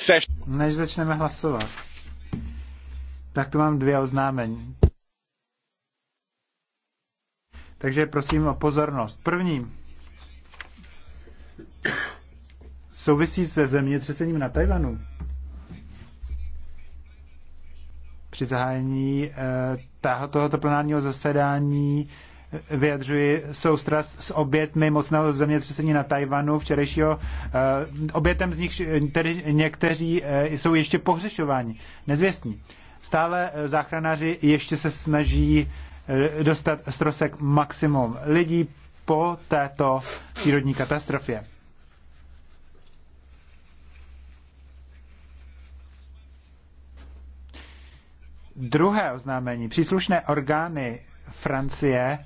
Seš... Než začneme hlasovat, tak tu mám dvě oznámení. Takže prosím o pozornost. První souvisí se zemětřesením na Tajvanu. Při zahájení eh, tohoto plenárního zasedání eh, vyjadřuji soustrast s obětmi mocného zemětřesení na Tajvanu včerejšího. Eh, obětem z nich eh, tedy někteří eh, jsou ještě pohřešováni, nezvěstní. Stále záchranáři ještě se snaží dostat trosek maximum lidí po této přírodní katastrofě. Druhé oznámení. Příslušné orgány Francie